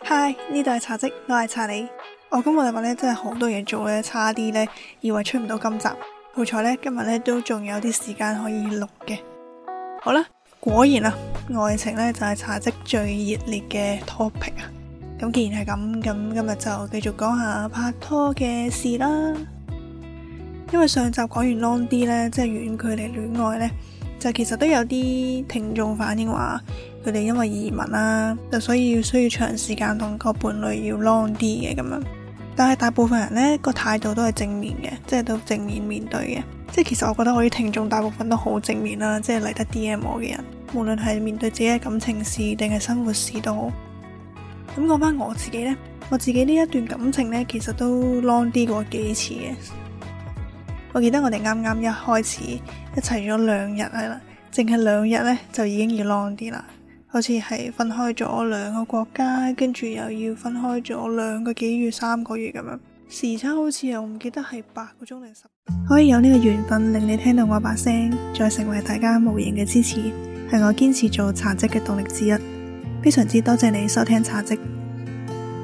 嗨，呢度係茶織，我係查理。我、oh, 今我哋話咧，真係好多嘢做咧，差啲咧，以為出唔到今集，好彩咧，今日咧都仲有啲時間可以錄嘅。好啦，果然啊，愛情咧就係茶織最熱烈嘅 topic 啊。咁既然係咁，咁今日就繼續講下拍拖嘅事啦。因為上集講完 long 啲咧，即係遠距離戀愛咧，就其實都有啲聽眾反映話。佢哋因為移民啦、啊，就所以要需要長時間同個伴侶要 long 啲嘅咁樣。但係大部分人呢個態度都係正面嘅，即係都正面面對嘅。即係其實我覺得我啲聽眾大部分都好正面啦，即係嚟得 DM 我嘅人，無論係面對自己嘅感情事定係生活事都好。咁講返我自己呢，我自己呢一段感情呢，其實都 long 啲過幾次嘅。我記得我哋啱啱一開始一齊咗兩日係啦，淨係兩日呢，就已經要 long 啲啦。好似係分開咗兩個國家，跟住又要分開咗兩個幾月、三個月咁樣，時差好似又唔記得係八個鐘零十。可以有呢個緣分令你聽到我把聲，再成為大家無形嘅支持，係我堅持做茶嘖嘅動力之一。非常之多謝你收聽茶嘖。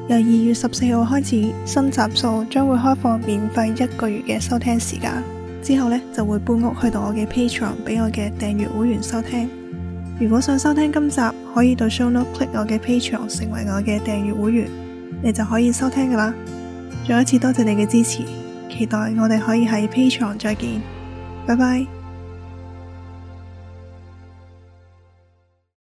由二月十四號開始，新集數將會開放免費一個月嘅收聽時間，之後呢，就會搬屋去到我嘅 Patreon 俾我嘅訂閱會員收聽。如果想收聽今集，可以到 ShowNote click 我嘅 Patreon 成為我嘅訂閱會員，你就可以收聽噶啦。再一次多謝你嘅支持，期待我哋可以喺 Patreon 再見，拜拜。